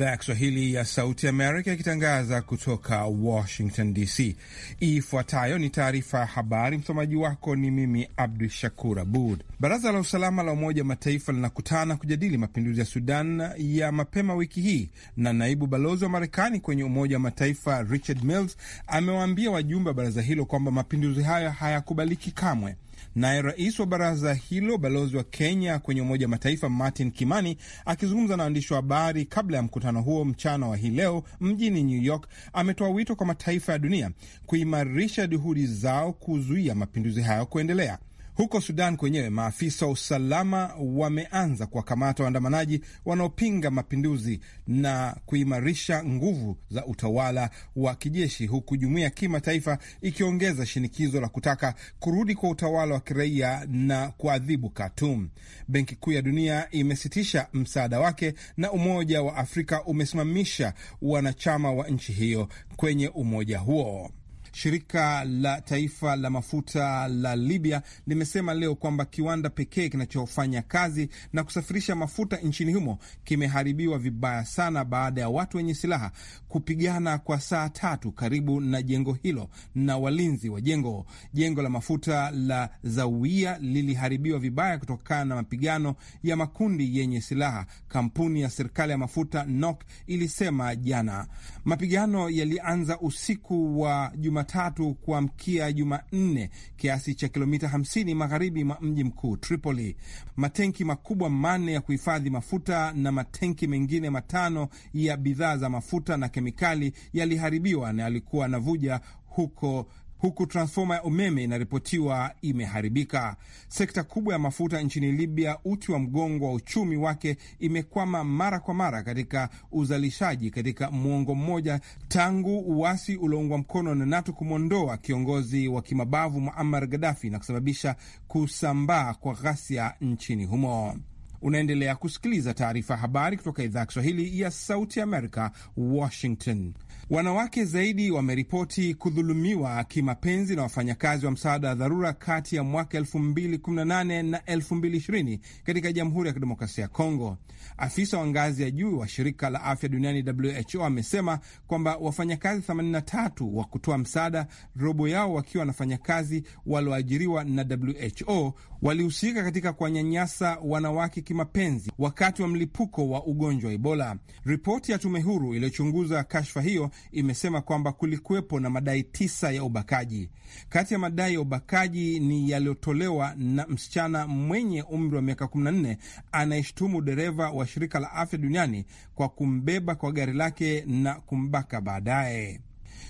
idhaa ya Kiswahili ya Sauti Amerika ikitangaza kutoka Washington DC. Ifuatayo ni taarifa ya habari. Msomaji wako ni mimi Abdu Shakur Abud. Baraza la Usalama la Umoja wa Mataifa linakutana kujadili mapinduzi ya Sudan ya mapema wiki hii, na naibu balozi wa Marekani kwenye Umoja wa Mataifa Richard Mills amewaambia wajumbe wa baraza hilo kwamba mapinduzi hayo hayakubaliki kamwe. Naye rais wa baraza hilo balozi wa Kenya kwenye Umoja wa Mataifa Martin Kimani akizungumza na waandishi wa habari kabla ya mkutano huo mchana wa hii leo mjini New York ametoa wito kwa mataifa ya dunia kuimarisha juhudi zao kuzuia mapinduzi hayo kuendelea. Huko Sudan kwenyewe maafisa wa usalama wameanza kuwakamata waandamanaji wanaopinga mapinduzi na kuimarisha nguvu za utawala wa kijeshi, huku jumuiya ya kimataifa ikiongeza shinikizo la kutaka kurudi kwa utawala wa kiraia na kuadhibu Khartoum. Benki Kuu ya Dunia imesitisha msaada wake na Umoja wa Afrika umesimamisha wanachama wa nchi hiyo kwenye umoja huo. Shirika la taifa la mafuta la Libya limesema leo kwamba kiwanda pekee kinachofanya kazi na kusafirisha mafuta nchini humo kimeharibiwa vibaya sana baada ya watu wenye silaha kupigana kwa saa tatu karibu na jengo hilo na walinzi wa jengo. Jengo la mafuta la Zawia liliharibiwa vibaya kutokana na mapigano ya makundi yenye silaha, kampuni ya serikali ya mafuta NOC ilisema jana. Mapigano yalianza usiku wa juma Jumatatu kuamkia Jumanne, kiasi cha kilomita 50 magharibi mwa mji mkuu Tripoli. Matenki makubwa manne ya kuhifadhi mafuta na matenki mengine matano ya bidhaa za mafuta na kemikali yaliharibiwa na yalikuwa navuja huko huku transfoma ya umeme inaripotiwa imeharibika. Sekta kubwa ya mafuta nchini Libya, uti wa mgongo wa uchumi wake, imekwama mara kwa mara katika uzalishaji katika mwongo mmoja tangu uasi ulioungwa mkono na NATO kumwondoa kiongozi wa kimabavu Muammar Gaddafi na kusababisha kusambaa kwa ghasia nchini humo. Unaendelea kusikiliza taarifa ya habari kutoka idhaa ya Kiswahili ya Sauti Amerika, Washington. Wanawake zaidi wameripoti kudhulumiwa kimapenzi na wafanyakazi wa msaada wa dharura kati ya mwaka 2018 na 2020 katika Jamhuri ya Kidemokrasia ya Kongo. Afisa wa ngazi ya juu wa shirika la afya duniani WHO amesema kwamba wafanyakazi 83 wa kutoa msaada, robo yao wakiwa wafanyakazi walioajiriwa na WHO, walihusika katika kuwanyanyasa wanawake kimapenzi wakati wa mlipuko wa ugonjwa wa Ebola. Ripoti ya tume huru iliyochunguza kashfa hiyo imesema kwamba kulikuwepo na madai tisa ya ubakaji. Kati ya madai ya ubakaji ni yaliyotolewa na msichana mwenye umri wa miaka 14 anayeshutumu dereva wa shirika la afya duniani kwa kumbeba kwa gari lake na kumbaka baadaye.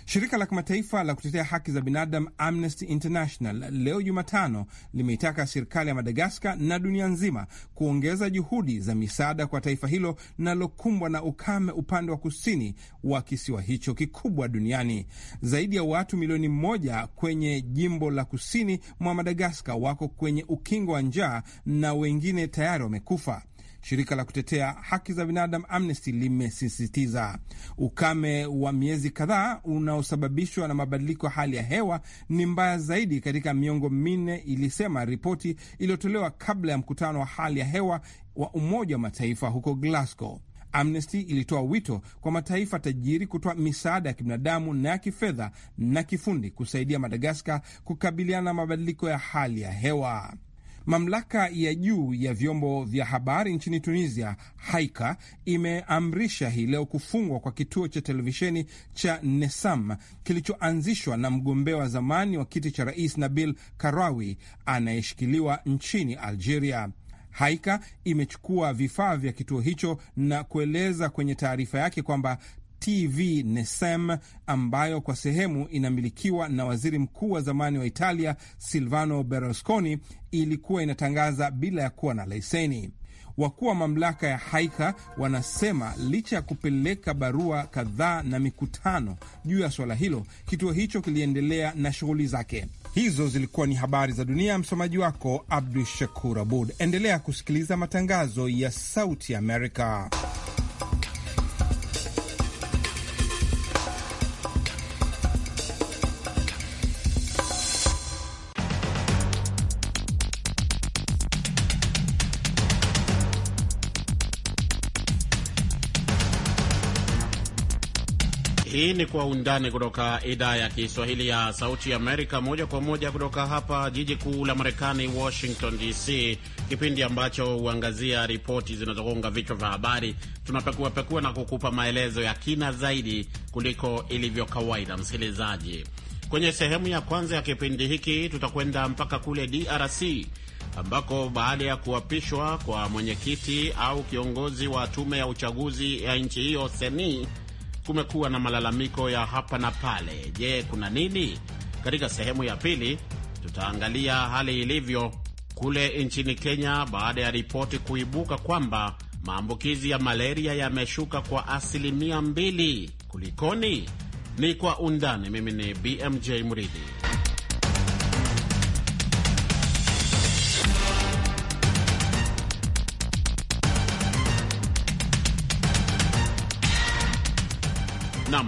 Shirika la kimataifa la kutetea haki za binadamu Amnesty International leo Jumatano limeitaka serikali ya Madagaskar na dunia nzima kuongeza juhudi za misaada kwa taifa hilo linalokumbwa na ukame upande wa kusini wa kisiwa hicho kikubwa duniani. Zaidi ya watu milioni moja kwenye jimbo la kusini mwa Madagaskar wako kwenye ukingo wa njaa na wengine tayari wamekufa. Shirika la kutetea haki za binadamu Amnesty limesisitiza ukame wa miezi kadhaa unaosababishwa na mabadiliko ya hali ya hewa ni mbaya zaidi katika miongo minne, ilisema ripoti iliyotolewa kabla ya mkutano wa hali ya hewa wa Umoja wa Mataifa huko Glasgow. Amnesty ilitoa wito kwa mataifa tajiri kutoa misaada ya kibinadamu na ya kifedha na kifundi kusaidia Madagaskar kukabiliana na mabadiliko ya hali ya hewa. Mamlaka ya juu ya vyombo vya habari nchini Tunisia, Haika, imeamrisha hii leo kufungwa kwa kituo cha televisheni cha Nesam kilichoanzishwa na mgombea wa zamani wa kiti cha rais Nabil Karawi anayeshikiliwa nchini Algeria. Haika imechukua vifaa vya kituo hicho na kueleza kwenye taarifa yake kwamba TV Nesem ambayo kwa sehemu inamilikiwa na waziri mkuu wa zamani wa Italia Silvano Berlusconi ilikuwa inatangaza bila ya kuwa na leseni. Wakuu wa mamlaka ya Haika wanasema licha ya kupeleka barua kadhaa na mikutano juu ya suala hilo, kituo hicho kiliendelea na shughuli zake. Hizo zilikuwa ni habari za dunia. Msomaji wako Abdu Shakur Abud. Endelea kusikiliza matangazo ya Sauti Amerika. Hii ni Kwa Undani kutoka idhaa ya Kiswahili ya Sauti ya Amerika, moja kwa moja kutoka hapa jiji kuu la Marekani, Washington DC, kipindi ambacho huangazia ripoti zinazogonga vichwa vya habari. Tunapekuapekua na kukupa maelezo ya kina zaidi kuliko ilivyo kawaida. Msikilizaji, kwenye sehemu ya kwanza ya kipindi hiki tutakwenda mpaka kule DRC ambako baada ya kuapishwa kwa mwenyekiti au kiongozi wa tume ya uchaguzi ya nchi hiyo seni kumekuwa na malalamiko ya hapa na pale. Je, kuna nini? Katika sehemu ya pili tutaangalia hali ilivyo kule nchini Kenya baada ya ripoti kuibuka kwamba maambukizi ya malaria yameshuka kwa asilimia mbili. Kulikoni? Ni kwa undani. Mimi ni BMJ Mridhi.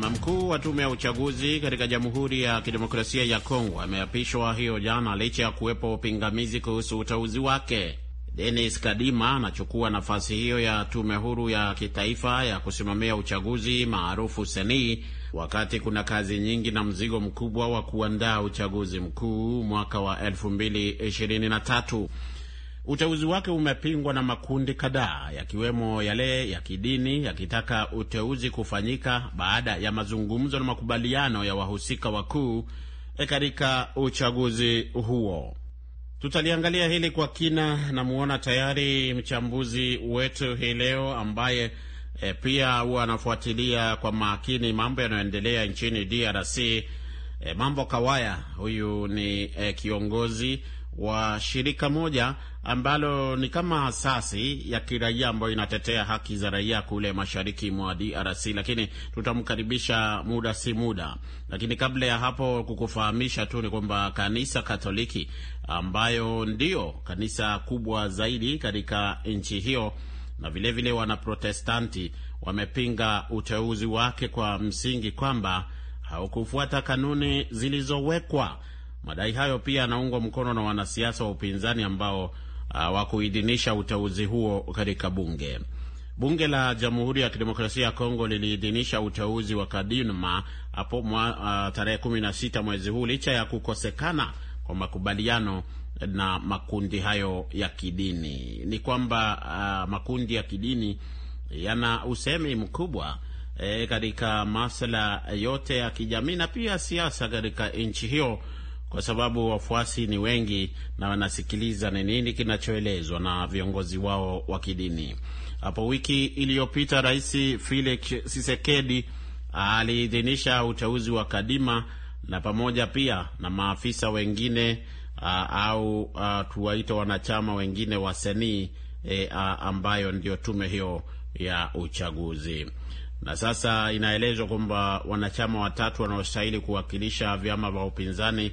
Nam, mkuu wa tume ya uchaguzi katika Jamhuri ya Kidemokrasia ya Kongo ameapishwa hiyo jana licha ya kuwepo pingamizi kuhusu uteuzi wake. Denis Kadima anachukua nafasi hiyo ya tume huru ya kitaifa ya kusimamia uchaguzi maarufu Senii, wakati kuna kazi nyingi na mzigo mkubwa wa kuandaa uchaguzi mkuu mwaka wa 2023. Uteuzi wake umepingwa na makundi kadhaa yakiwemo yale ya kidini yakitaka uteuzi kufanyika baada ya mazungumzo na makubaliano ya wahusika wakuu eh, katika uchaguzi huo. Tutaliangalia hili kwa kina. Namuona tayari mchambuzi wetu hii leo ambaye e, pia huwa anafuatilia kwa makini mambo yanayoendelea nchini DRC. E, eh, Mambo Kawaya, huyu ni e, kiongozi wa shirika moja ambalo ni kama asasi ya kiraia ambayo inatetea haki za raia kule mashariki mwa DRC, lakini tutamkaribisha muda si muda. Lakini kabla ya hapo, kukufahamisha tu ni kwamba kanisa Katoliki ambayo ndio kanisa kubwa zaidi katika nchi hiyo na vilevile wanaprotestanti wamepinga uteuzi wake kwa msingi kwamba haukufuata kanuni zilizowekwa Madai hayo pia yanaungwa mkono na wanasiasa wa upinzani ambao uh, kuidhinisha uteuzi huo katika bunge. Bunge la Jamhuri ya Kidemokrasia ya Kongo liliidhinisha uteuzi wa Kadinma hapo uh, tarehe 16 mwezi huu licha ya kukosekana kwa makubaliano na makundi hayo ya kidini. Ni kwamba uh, makundi ya kidini yana usemi mkubwa e, katika masuala yote ya kijamii na pia siasa katika nchi hiyo kwa sababu wafuasi ni wengi na wanasikiliza ni nini kinachoelezwa na viongozi wao wa kidini. Hapo wiki iliyopita, Rais Felix Tshisekedi aliidhinisha uteuzi wa Kadima na pamoja pia na maafisa wengine a, au tuwaita wanachama wengine wa senii e, ambayo ndio tume hiyo ya uchaguzi. Na sasa inaelezwa kwamba wanachama watatu wanaostahili kuwakilisha vyama vya upinzani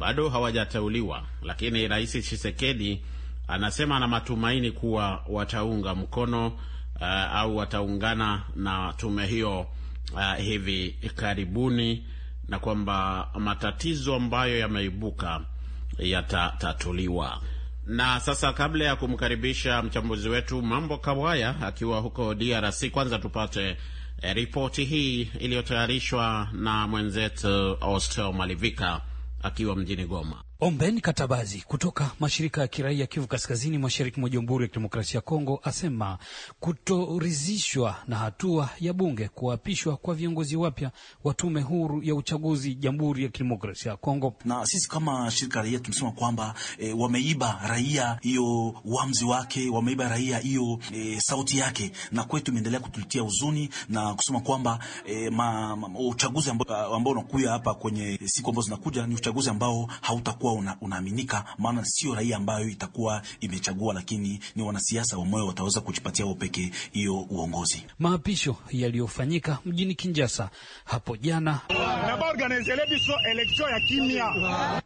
bado hawajateuliwa, lakini Rais chisekedi anasema ana matumaini kuwa wataunga mkono uh, au wataungana na tume hiyo uh, hivi karibuni na kwamba matatizo ambayo yameibuka yatatatuliwa. Na sasa kabla ya kumkaribisha mchambuzi wetu Mambo Kawaya akiwa huko DRC, kwanza tupate eh, ripoti hii iliyotayarishwa na mwenzetu Austel Malivika akiwa mjini Goma omben Katabazi kutoka mashirika ya kiraia Kivu Kaskazini, mashariki mwa Jamhuri ya Kidemokrasia ya Kongo asema kutoridhishwa na hatua ya bunge kuapishwa kwa viongozi wapya wa tume huru ya uchaguzi Jamhuri ya Kidemokrasia ya Kongo. Na sisi kama shirika la raia tumesema kwamba e, wameiba raia hiyo uamzi wake, wameiba raia hiyo e, sauti yake, na kwetu imeendelea kutulitia huzuni na kusema kwamba e, ma, ma, uchaguzi ambao unakuja hapa kwenye siku ambazo zinakuja ni uchaguzi ambao hautakuwa utakuwa unaaminika, maana sio raia ambayo itakuwa imechagua, lakini ni wanasiasa wamoyo wataweza kujipatia wao pekee hiyo uongozi. Maapisho yaliyofanyika mjini kinjasa hapo jana ya kimya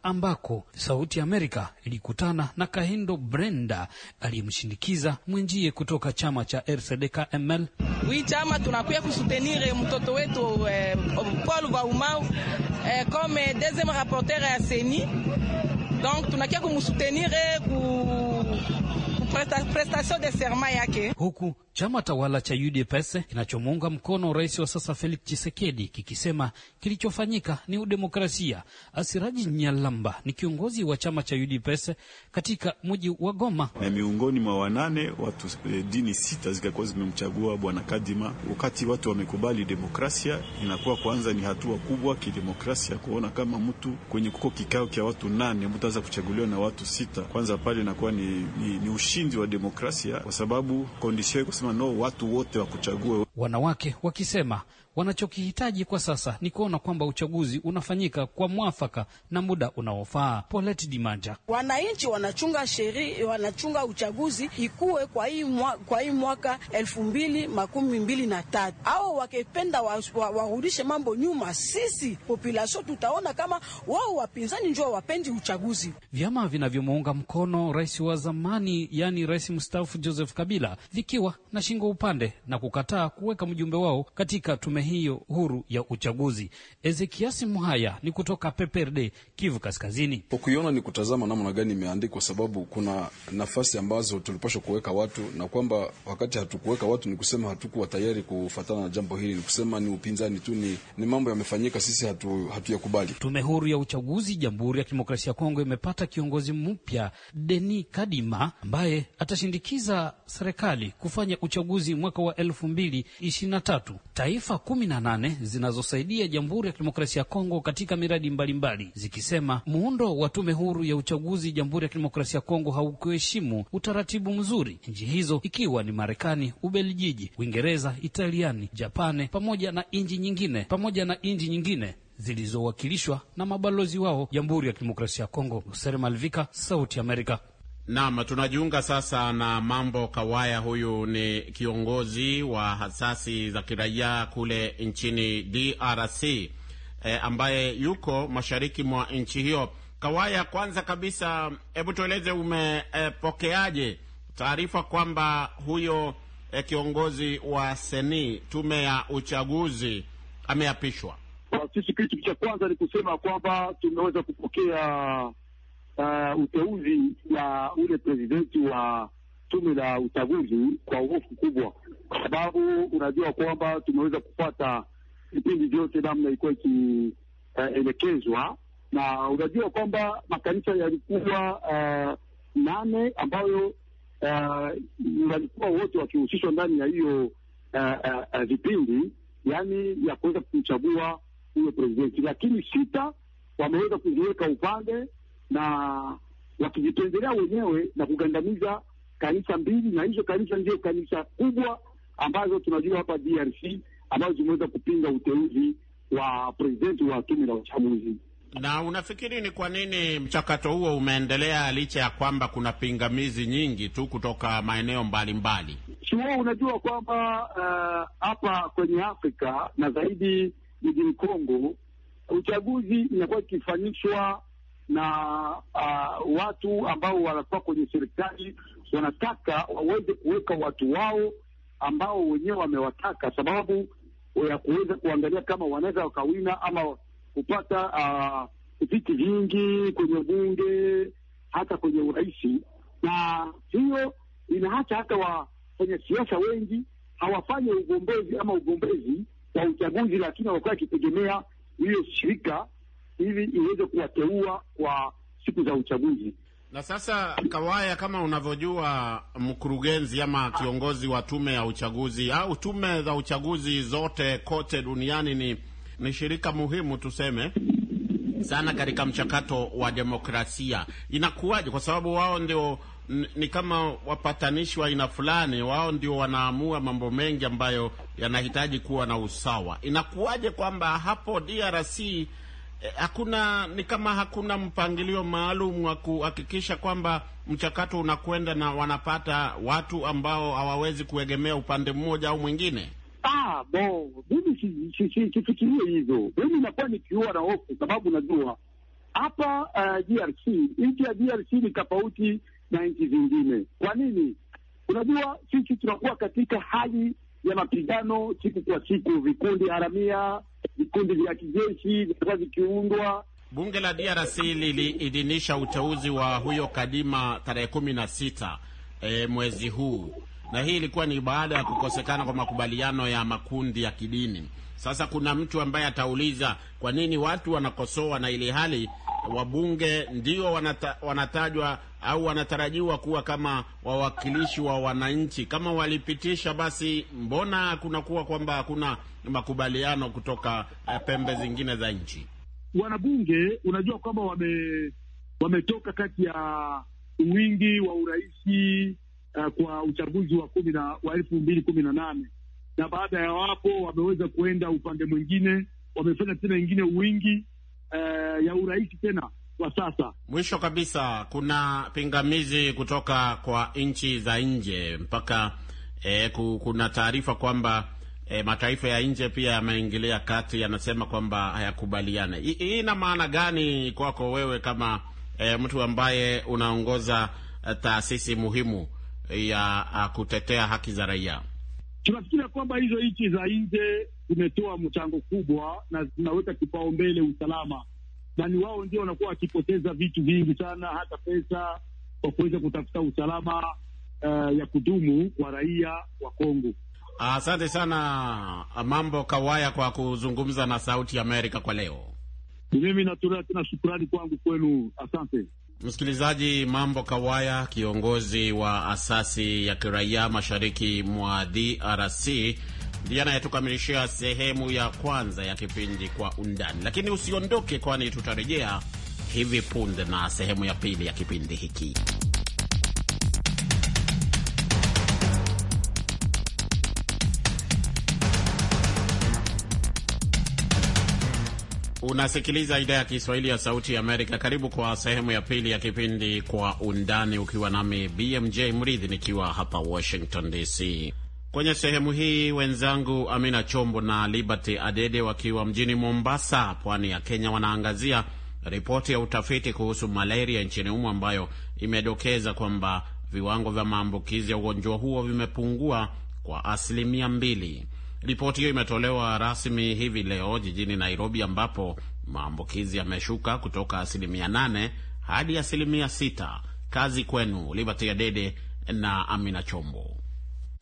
ambako Sauti Amerika ilikutana na Kahindo Brenda aliyemshindikiza mwenjie kutoka chama cha RCD-KML. Wii chama tunakuya kusutenire mtoto wetu eh, Paul Vaumau eh, comme deuxième rapporteur ya CENI. Donc tunakia kumsutenir ku prestation de serma yake huku Chama tawala cha UDPS kinachomuunga mkono rais wa sasa Felix chisekedi kikisema kilichofanyika ni udemokrasia. Asiraji Nyalamba ni kiongozi wa chama cha UDPS katika mji wa Goma. Na miongoni mwa wanane watu e, dini sita zikakuwa zimemchagua bwana Kadima. Wakati watu wamekubali demokrasia, inakuwa kwanza ni hatua kubwa kidemokrasia, kuona kama mtu kwenye kuko kikao kya watu nane mtu anaweza kuchaguliwa na watu sita, kwanza pale inakuwa ni, ni, ni ushindi wa demokrasia kwa sababu kondisio lazima no watu wote wakuchague. Wanawake wakisema Wanachokihitaji kwa sasa ni kuona kwamba uchaguzi unafanyika kwa mwafaka na muda unaofaa. Polet Dimanja: wananchi wanachunga sheria, wanachunga uchaguzi ikuwe kwa hii mwa, kwa hii mwaka elfu mbili makumi mbili na tatu au wakipenda warudishe wa, wa mambo nyuma. Sisi populasio tutaona kama wao wapinzani njua wapendi uchaguzi. Vyama vinavyomuunga mkono rais wa zamani yani rais mstaafu Joseph Kabila vikiwa na shingo upande na kukataa kuweka mjumbe wao katika tume hiyo huru ya uchaguzi. ezekias Mhaya ni kutoka PPRD, Kivu Kaskazini. Ukiona ni kutazama namna gani imeandikwa, sababu kuna nafasi ambazo tulipashwa kuweka watu, na kwamba wakati hatukuweka watu ni kusema hatukuwa tayari kufatana na jambo hili, ni kusema ni upinzani tu, ni, ni mambo yamefanyika, sisi hatu, hatuyakubali. Tume huru ya uchaguzi Jamhuri ya Kidemokrasia ya Kongo imepata kiongozi mpya deni Kadima ambaye atashindikiza serikali kufanya uchaguzi mwaka wa elfu mbili ishirini na tatu taifa kumi na nane zinazosaidia Jamhuri ya Kidemokrasia ya Kongo katika miradi mbalimbali mbali, zikisema muundo wa tume huru ya uchaguzi Jamhuri ya Kidemokrasia ya Kongo haukuheshimu utaratibu mzuri, nchi hizo ikiwa ni Marekani, Ubeljiji, Uingereza, Italiani, Japani pamoja na nchi nyingine pamoja na nchi nyingine zilizowakilishwa na mabalozi wao Jamhuri ya Kidemokrasia ya Kongo. Usere Malvika, Sauti Amerika. Naam, tunajiunga sasa na Mambo Kawaya. Huyu ni kiongozi wa hasasi za kiraia kule nchini DRC e, ambaye yuko mashariki mwa nchi hiyo. Kawaya, kwanza kabisa, hebu tueleze umepokeaje e, taarifa kwamba huyo e, kiongozi wa seni tume ya uchaguzi ameapishwa? Sisi kitu cha kwanza ni kusema kwamba tumeweza kupokea uh, uteuzi wa ule presidenti wa tume la uchaguzi kwa hofu kubwa, kwa sababu unajua kwamba tumeweza kupata vipindi vyote namna ilikuwa ikielekezwa uh, na unajua kwamba makanisa yalikuwa uh, nane ambayo uh, walikuwa wote wakihusishwa ndani ya hiyo vipindi uh, uh, uh, yaani ya kuweza kumchagua huyo presidenti, lakini sita wameweza kuziweka upande na wakijipendelea wenyewe na kugandamiza kanisa mbili, na hizo kanisa ndio kanisa kubwa ambazo tunajua hapa DRC ambazo zimeweza kupinga uteuzi wa presidenti wa tume la uchaguzi. Na unafikiri ni kwa nini mchakato huo umeendelea licha ya kwamba kuna pingamizi nyingi tu kutoka maeneo mbalimbali? Sio, unajua kwamba uh, hapa uh, kwenye Afrika na zaidi mjini Kongo uchaguzi inakuwa ikifanyishwa na uh, watu ambao wanakuwa kwenye serikali wanataka waweze kuweka watu wao ambao wenyewe wamewataka, sababu ya kuweza kuangalia kama wanaweza wakawina ama kupata uh, viti vingi kwenye bunge hata kwenye urais, na hiyo inaacha hata wafanya siasa wengi hawafanye ugombezi ama ugombezi wa uchaguzi, lakini hawakuwa wakitegemea hiyo shirika ili iweze kuwateua kwa siku za uchaguzi. Na sasa, Kawaya, kama unavyojua, mkurugenzi ama kiongozi wa tume ya uchaguzi au tume za uchaguzi zote kote duniani ni, ni shirika muhimu tuseme sana katika mchakato wa demokrasia. Inakuwaje? Kwa sababu wao ndio ni kama wapatanishi wa aina fulani, wao ndio wanaamua mambo mengi ambayo yanahitaji kuwa na usawa. Inakuwaje kwamba hapo DRC Eh, hakuna ni kama hakuna mpangilio maalum wa kuhakikisha kwamba mchakato unakwenda na wanapata watu ambao hawawezi kuegemea upande mmoja au mwingine. Ah, bo mimi sifikirie hivyo. Mimi nakuwa nikiua na hofu, sababu najua hapa uh, eh, DRC, nchi ya DRC ni tofauti na nchi zingine. Kwa nini? Unajua sisi tunakuwa katika hali ya mapigano siku kwa siku, vikundi haramia, vikundi vya kijeshi vimekuwa vikiundwa. Bunge la DRC liliidhinisha uteuzi wa huyo Kadima tarehe kumi na sita e, mwezi huu, na hii ilikuwa ni baada ya kukosekana kwa makubaliano ya makundi ya kidini. Sasa kuna mtu ambaye atauliza kwa nini watu wanakosoa na ili hali wabunge ndio wanata, wanatajwa au wanatarajiwa kuwa kama wawakilishi wa wananchi. Kama walipitisha, basi mbona kunakuwa kwamba hakuna makubaliano kutoka eh, pembe zingine za nchi? Wanabunge unajua kwamba wame, wametoka kati ya wingi wa uraisi uh, kwa uchaguzi wa kumi na wa elfu mbili kumi na nane na baada ya wapo wameweza kuenda upande mwingine, wamefanya tena ingine wingi eh, ya urahisi tena kwa sasa. Mwisho kabisa, kuna pingamizi kutoka kwa nchi za nje mpaka eh, kuna taarifa kwamba E, mataifa ya nje pia yameingilia kati, yanasema kwamba hayakubaliane. Hii ina maana gani kwako wewe kama e, mtu ambaye unaongoza eh, taasisi muhimu ya kutetea haki za raia? Tunafikiria kwamba hizo nchi za nje zimetoa mchango kubwa na zinaweka kipaumbele usalama, na ni wao ndio wanakuwa wakipoteza vitu vingi sana, hata pesa kwa kuweza kutafuta usalama uh, ya kudumu kwa raia wa Kongo. Asante sana Mambo Kawaya kwa kuzungumza na Sauti ya Amerika kwa leo. Ni mimi natolea tena shukurani kwangu kwenu, asante msikilizaji. Mambo Kawaya, kiongozi wa asasi ya kiraia mashariki mwa DRC ndiye anayetukamilishia sehemu ya kwanza ya kipindi Kwa Undani, lakini usiondoke, kwani tutarejea hivi punde na sehemu ya pili ya kipindi hiki. Unasikiliza idhaa ya Kiswahili ya Sauti ya Amerika. Karibu kwa sehemu ya pili ya kipindi Kwa Undani, ukiwa nami BMJ Mridhi nikiwa hapa Washington DC. Kwenye sehemu hii wenzangu Amina Chombo na Liberty Adede wakiwa mjini Mombasa, pwani ya Kenya, wanaangazia ripoti ya utafiti kuhusu malaria nchini humo ambayo imedokeza kwamba viwango vya maambukizi ya ugonjwa huo vimepungua kwa asilimia mbili. Ripoti hiyo imetolewa rasmi hivi leo jijini Nairobi, ambapo maambukizi yameshuka kutoka asilimia nane hadi asilimia sita. Kazi kwenu Liberty Adede na Amina Chombo.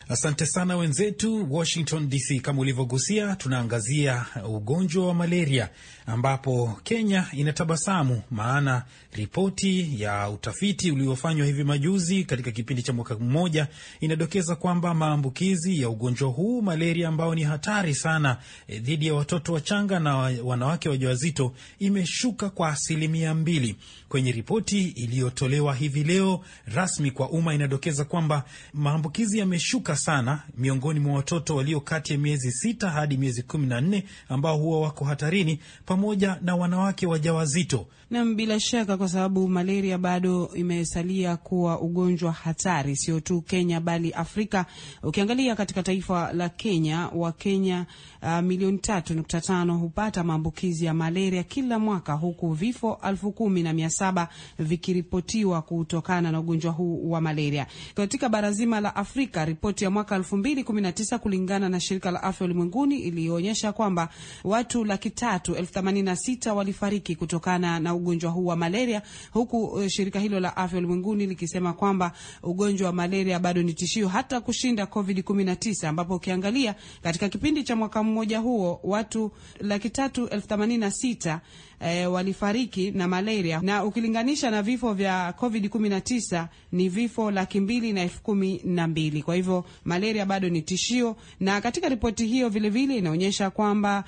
Asante sana wenzetu Washington DC. Kama ulivyogusia, tunaangazia ugonjwa wa malaria ambapo Kenya inatabasamu, maana ripoti ya utafiti uliofanywa hivi majuzi katika kipindi cha mwaka mmoja inadokeza kwamba maambukizi ya ugonjwa huu malaria, ambao ni hatari sana eh, dhidi ya watoto wachanga na wanawake wajawazito, imeshuka kwa asilimia mbili. Kwenye ripoti iliyotolewa hivi leo rasmi kwa umma inadokeza kwamba maambukizi yameshuka huongezeka sana miongoni mwa watoto walio kati ya miezi sita hadi miezi kumi na nne ambao huwa wako hatarini, pamoja na wanawake wajawazito Nam, bila shaka, kwa sababu malaria bado imesalia kuwa ugonjwa hatari, sio tu Kenya bali Afrika. Ukiangalia katika taifa la Kenya, Kenya uh, milioni tatu nukta tano hupata maambukizi ya malaria kila mwaka, huku vifo elfu kumi na mia saba vikiripotiwa kutokana na ugonjwa huu wa malaria katika bara zima la Afrika. Ripoti ya mwaka elfu mbili kumi na tisa kulingana na shirika la afya ulimwenguni iliyoonyesha kwamba watu laki tatu elfu themanini na sita walifariki kutokana na ugonjwa huu wa malaria, huku uh, shirika hilo la afya ulimwenguni likisema kwamba ugonjwa wa malaria bado ni tishio hata kushinda COVID 19 ambapo ukiangalia katika kipindi cha mwaka mmoja huo watu laki tatu elfu themanini na sita e, walifariki na malaria, na ukilinganisha na vifo vya Covid 19 ni vifo laki mbili na elfu kumi na mbili. Kwa hivyo malaria bado ni tishio, na katika ripoti hiyo vilevile inaonyesha kwamba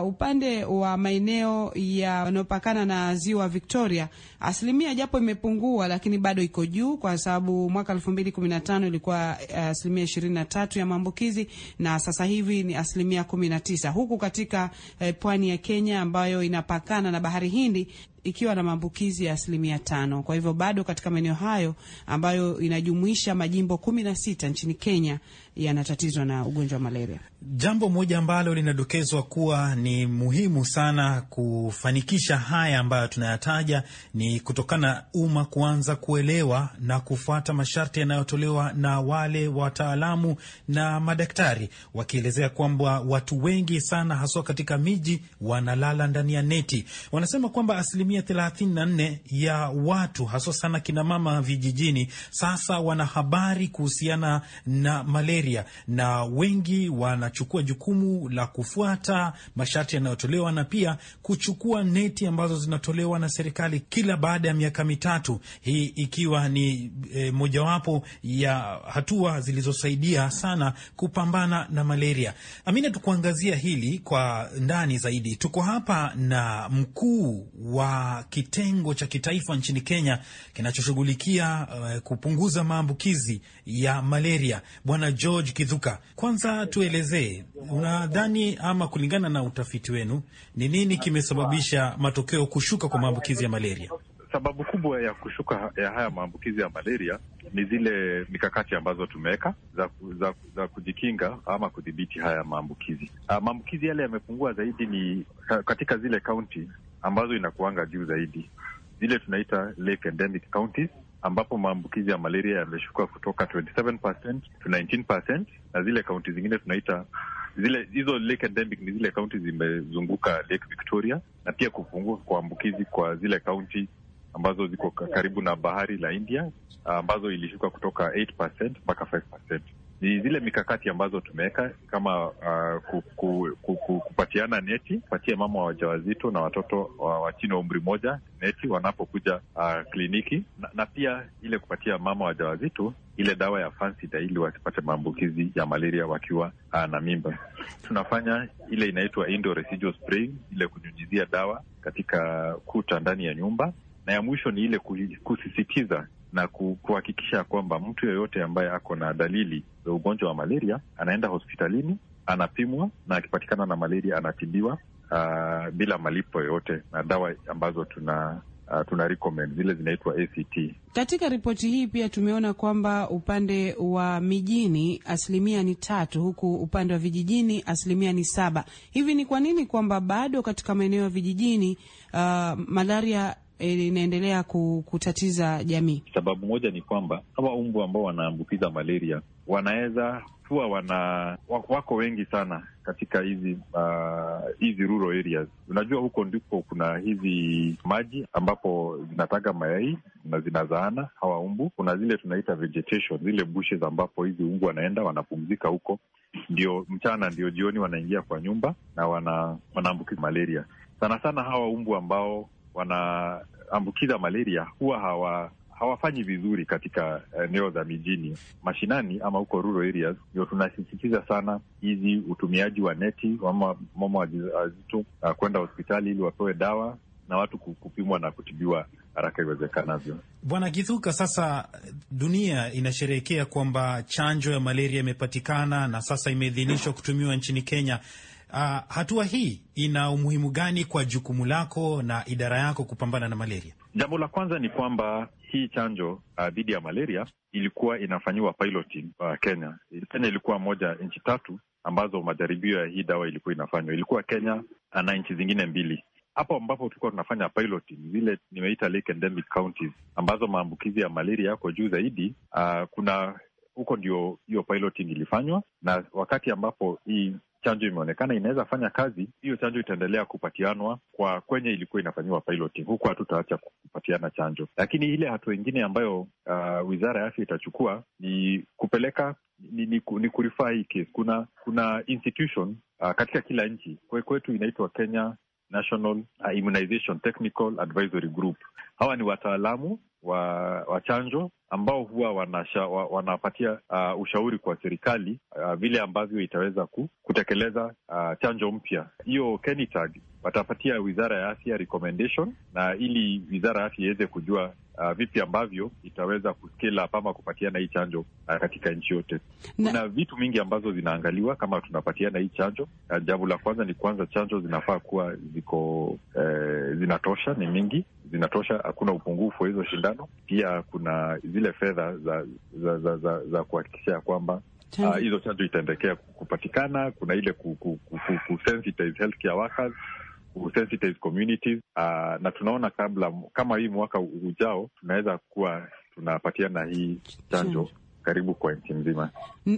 uh, upande wa maeneo ya wanaopakana na ziwa Victoria asilimia japo imepungua, lakini bado iko juu kwa sababu mwaka elfu mbili kumi na tano ilikuwa uh, asilimia ishirini na tatu ya maambukizi na sasa hivi ni asilimia kumi na tisa huku katika eh, pwani ya Kenya ambayo inapakana na na bahari Hindi ikiwa na maambukizi ya asilimia tano. Kwa hivyo bado katika maeneo hayo ambayo inajumuisha majimbo kumi na sita nchini Kenya yanatatizwa na ugonjwa wa malaria. Jambo moja ambalo linadokezwa kuwa ni muhimu sana kufanikisha haya ambayo tunayataja ni kutokana umma kuanza kuelewa na kufuata masharti yanayotolewa na wale wataalamu na madaktari, wakielezea kwamba watu wengi sana haswa katika miji wanalala ndani ya neti. Wanasema kwamba asilimia 34 ya watu haswa sana kinamama vijijini sasa wana habari kuhusiana na malaria sheria, na wengi wanachukua jukumu la kufuata masharti yanayotolewa na pia kuchukua neti ambazo zinatolewa na serikali kila baada ya miaka mitatu, hii ikiwa ni e, mojawapo ya hatua zilizosaidia sana kupambana na malaria. Amina, tukuangazia hili kwa ndani zaidi. Tuko hapa na mkuu wa kitengo cha kitaifa nchini Kenya kinachoshughulikia uh, kupunguza maambukizi ya malaria Bwana George Kizuka, kwanza tuelezee, unadhani ama kulingana na utafiti wenu, ni nini kimesababisha matokeo kushuka kwa maambukizi ya malaria? Sababu kubwa ya kushuka ya haya maambukizi ya malaria ni zile mikakati ambazo tumeweka za, za, za kujikinga ama kudhibiti haya maambukizi. Ah, maambukizi yale yamepungua zaidi ni katika zile kaunti ambazo inakuanga juu zaidi, zile tunaita lake endemic counties ambapo maambukizi ya malaria yameshuka kutoka 27% to 19%, na zile kaunti zingine tunaita zile hizo lake endemic ni zile kaunti zimezunguka Lake Victoria, na pia kupungua kwa ambukizi kwa zile kaunti ambazo ziko karibu na bahari la India ambazo ilishuka kutoka 8% mpaka 5% ni zile mikakati ambazo tumeweka kama uh, ku, ku, ku, ku, kupatiana neti, kupatia mama wajawazito na watoto wa chini wa umri moja neti wanapokuja uh, kliniki na, na pia ile kupatia mama wajawazito ile dawa ya fansida ili wasipate maambukizi ya malaria wakiwa uh, na mimba. Tunafanya ile inaitwa indoor residual spraying, ile kunyunyizia dawa katika kuta ndani ya nyumba, na ya mwisho ni ile kusisitiza na kuhakikisha kwamba mtu yeyote ambaye ako na dalili za ugonjwa wa malaria anaenda hospitalini, anapimwa na akipatikana na malaria anatibiwa uh, bila malipo yoyote na dawa ambazo tuna Uh, tuna recommend zile zinaitwa ACT. Katika ripoti hii pia tumeona kwamba upande wa mijini asilimia ni tatu huku upande wa vijijini asilimia ni saba. Hivi ni kwa nini kwamba bado katika maeneo ya vijijini uh, malaria Eh, inaendelea kutatiza jamii? Sababu moja ni kwamba hawa umbu ambao wanaambukiza malaria wanaweza kuwa wana wako wengi sana katika hizi uh, hizi rural areas. Unajua, huko ndiko kuna hizi maji ambapo zinataga mayai na zinazaana hawa umbu. Kuna zile tunaita vegetation, zile bushes ambapo hizi umbu wanaenda wanapumzika huko, ndio mchana ndio jioni wanaingia kwa nyumba na wana wanaambukiza malaria sana sana hawa umbu ambao wanaambukiza malaria huwa hawa hawafanyi vizuri katika eneo za mijini, mashinani ama huko rural areas. Ndio tunasisitiza sana hizi utumiaji wa neti, mama mama wajawazito uh, kwenda hospitali ili wapewe dawa na watu kupimwa na kutibiwa haraka iwezekanavyo. Bwana Kithuka, sasa dunia inasherehekea kwamba chanjo ya malaria imepatikana na sasa imeidhinishwa kutumiwa nchini Kenya. Uh, hatua hii ina umuhimu gani kwa jukumu lako na idara yako kupambana na malaria? Jambo la kwanza ni kwamba hii chanjo ah, dhidi uh, ya malaria ilikuwa inafanyiwa piloting uh, ah, Kenya. Kenya ilikuwa moja nchi tatu ambazo majaribio ya hii dawa ilikuwa inafanywa, ilikuwa Kenya na nchi zingine mbili. Hapo ambapo tulikuwa tunafanya piloting, zile nimeita lake endemic counties ambazo maambukizi ya malaria yako juu zaidi, uh, kuna huko ndio hiyo piloting ilifanywa, na wakati ambapo hii chanjo imeonekana inaweza fanya kazi, hiyo chanjo itaendelea kupatianwa kwa kwenye ilikuwa inafanyiwa piloting. Huku hatutaacha kupatiana chanjo, lakini ile hatua ingine ambayo uh, wizara ya afya itachukua ni kupeleka ni, ni, ni kurifaa hii case. Kuna kuna institution uh, katika kila nchi kwetu inaitwa Kenya National Immunization Technical Advisory Group. Hawa ni wataalamu wa, wa chanjo ambao huwa wanasha, wa, wanapatia uh, ushauri kwa serikali uh, vile ambavyo itaweza ku, kutekeleza uh, chanjo mpya hiyo. Kenitag watapatia wizara ya afya recommendation, na ili wizara ya afya iweze kujua uh, vipi ambavyo itaweza kuskela ama kupatiana hii chanjo uh, katika nchi yote. Kuna vitu mingi ambazo zinaangaliwa kama tunapatiana hii chanjo uh, jambo la kwanza ni kwanza chanjo zinafaa kuwa ziko eh, zinatosha, ni mingi zinatosha, hakuna upungufu wa hizo shindano. Pia kuna zile fedha za, za, za, za, za kuhakikisha ya kwamba ah, hizo chanjo itaendekea kupatikana. Kuna ile ku, healthcare workers communities uh, na tunaona kabla kama hii mwaka ujao tunaweza kuwa tunapatiana hii chanjo karibu kwa nchi nzima.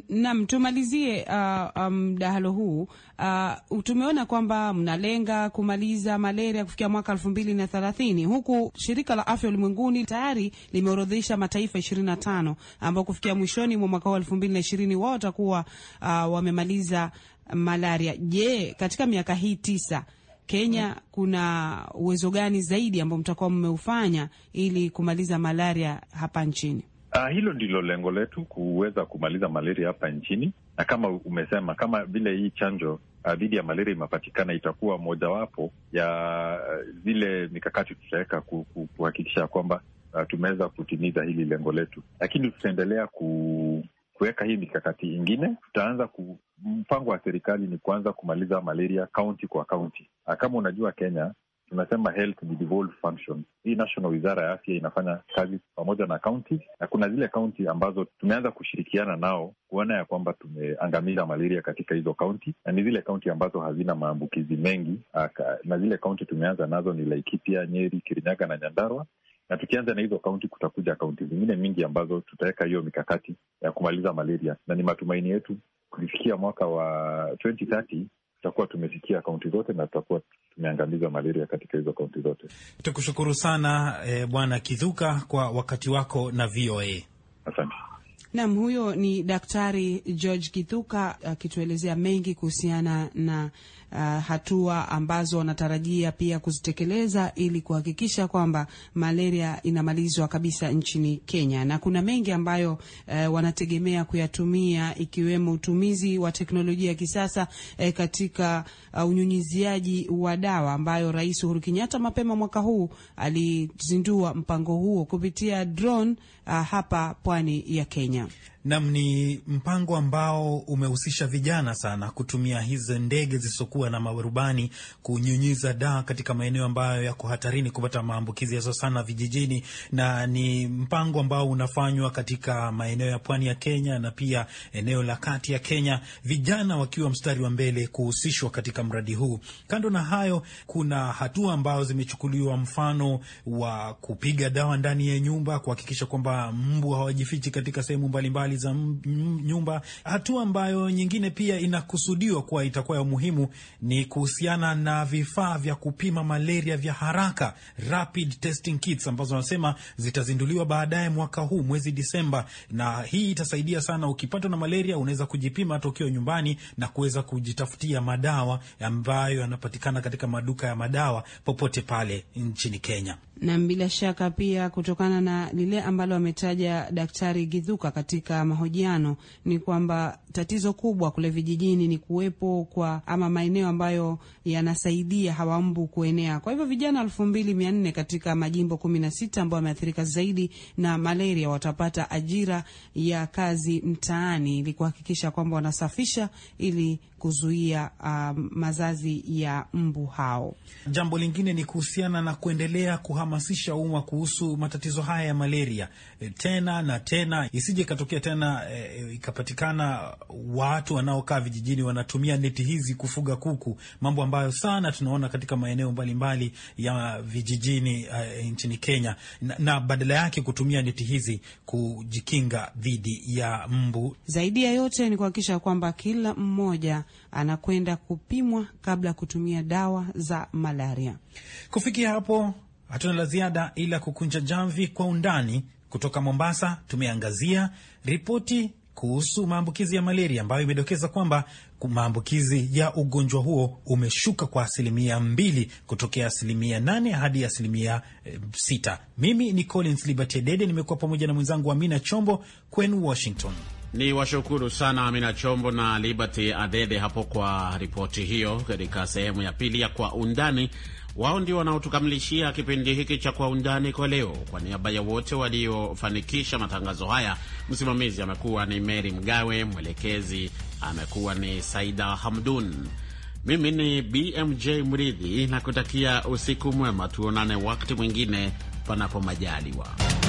Naam, tumalizie uh, um, mdahalo um, huu uh, tumeona kwamba mnalenga kumaliza malaria kufikia mwaka elfu mbili na thelathini huku shirika la afya ulimwenguni tayari limeorodhesha mataifa ishirini na tano ambao kufikia mwishoni mwa mwaka huu elfu mbili na ishirini wao watakuwa uh, wamemaliza malaria. Je, katika miaka hii tisa Kenya kuna uwezo gani zaidi ambao mtakuwa mmeufanya ili kumaliza malaria hapa nchini? Uh, hilo ndilo lengo letu kuweza kumaliza malaria hapa nchini, na kama umesema, kama vile hii chanjo ah, dhidi uh, ya malaria imepatikana, itakuwa mojawapo ya uh, zile mikakati tutaweka kuhakikisha kwamba uh, tumeweza kutimiza hili lengo letu, lakini tutaendelea ku kuweka hii mikakati ingine. Tutaanza ku, mpango wa serikali ni kuanza kumaliza malaria kaunti kwa kaunti. Kama unajua Kenya tunasema health ni devolved Hii national wizara ya afya inafanya kazi pamoja na kaunti, na kuna zile kaunti ambazo tumeanza kushirikiana nao kuona ya kwamba tumeangamiza malaria katika hizo kaunti, na ni zile kaunti ambazo hazina maambukizi mengi aka, ah, na zile kaunti tumeanza nazo ni Laikipia, Nyeri, Kirinyaga na nyandarwa na tukianza na hizo kaunti, kutakuja kaunti zingine mingi ambazo tutaweka hiyo mikakati ya kumaliza malaria, na ni matumaini yetu kufikia mwaka wa 2030 tutakuwa tumefikia kaunti zote na tutakuwa tumeangamiza malaria katika hizo kaunti zote. Tukushukuru sana eh, Bwana Kidhuka kwa wakati wako na VOA. Nam, huyo ni Daktari George Kithuka akituelezea mengi kuhusiana na uh, hatua ambazo wanatarajia pia kuzitekeleza ili kuhakikisha kwamba malaria inamalizwa kabisa nchini Kenya, na kuna mengi ambayo uh, wanategemea kuyatumia ikiwemo utumizi wa teknolojia ya kisasa uh, katika uh, unyunyiziaji wa dawa ambayo Rais Uhuru Kenyatta mapema mwaka huu alizindua mpango huo kupitia drone uh, hapa pwani ya Kenya. Yeah. Nam, ni mpango ambao umehusisha vijana sana kutumia hizi ndege zisizokuwa na marubani kunyunyiza dawa katika maeneo ambayo yako hatarini kupata maambukizi hasa sana vijijini, na ni mpango ambao unafanywa katika maeneo ya pwani ya Kenya na pia eneo la kati ya Kenya, vijana wakiwa mstari wa mbele kuhusishwa katika mradi huu. Kando na hayo, kuna hatua ambazo zimechukuliwa, mfano wa kupiga dawa ndani ya nyumba, kuhakikisha kwamba mbu hawajifichi katika sehemu mbalimbali mali za nyumba. Hatua ambayo nyingine pia inakusudiwa kuwa itakuwa ya umuhimu ni kuhusiana na vifaa vya kupima malaria vya haraka, rapid testing kits, ambazo wanasema zitazinduliwa baadaye mwaka huu mwezi Disemba, na hii itasaidia sana. Ukipatwa na malaria unaweza kujipima hata ukiwa nyumbani na kuweza kujitafutia madawa ambayo yanapatikana katika maduka ya madawa popote pale nchini Kenya. Na bila shaka pia kutokana na lile ambalo ametaja Daktari Gidhuka katika mahojiano ni kwamba tatizo kubwa kule vijijini ni kuwepo kwa ama maeneo ambayo yanasaidia hawa mbu kuenea. Kwa hivyo vijana elfu mbili mia nne katika majimbo kumi na sita ambao wameathirika zaidi na malaria watapata ajira ya kazi mtaani ili kuhakikisha kwamba wanasafisha ili kuzuia uh, mazazi ya mbu hao. Jambo lingine ni kuhusiana na kuendelea kuhamasisha umma kuhusu matatizo haya ya malaria e, tena na tena, isije ikatokea tena e, e, ikapatikana watu wanaokaa vijijini wanatumia neti hizi kufuga kuku, mambo ambayo sana tunaona katika maeneo mbalimbali mbali ya vijijini e, nchini Kenya na, na badala yake kutumia neti hizi kujikinga dhidi ya mbu. Zaidi ya yote ni kuhakikisha kwamba kila mmoja anakwenda kupimwa kabla ya kutumia dawa za malaria. Kufikia hapo hatuna la ziada ila kukunja jamvi kwa undani kutoka Mombasa tumeangazia ripoti kuhusu maambukizi ya malaria ambayo imedokeza kwamba maambukizi ya ugonjwa huo umeshuka kwa asilimia mbili kutokea asilimia nane hadi asilimia e, sita. Mimi ni Collins Liberty Dede, nimekuwa pamoja na mwenzangu Amina Chombo kwenu Washington. Ni washukuru sana Amina Chombo na Liberty Adede hapo kwa ripoti hiyo. Katika sehemu ya pili ya Kwa Undani wao ndio wanaotukamilishia kipindi hiki cha Kwa Undani kwa leo. Kwa niaba ya wote waliofanikisha matangazo haya, msimamizi amekuwa ni Mary Mgawe, mwelekezi amekuwa ni Saida Hamdun. Mimi ni BMJ Mridhi na kutakia usiku mwema, tuonane wakati mwingine panapo majaliwa.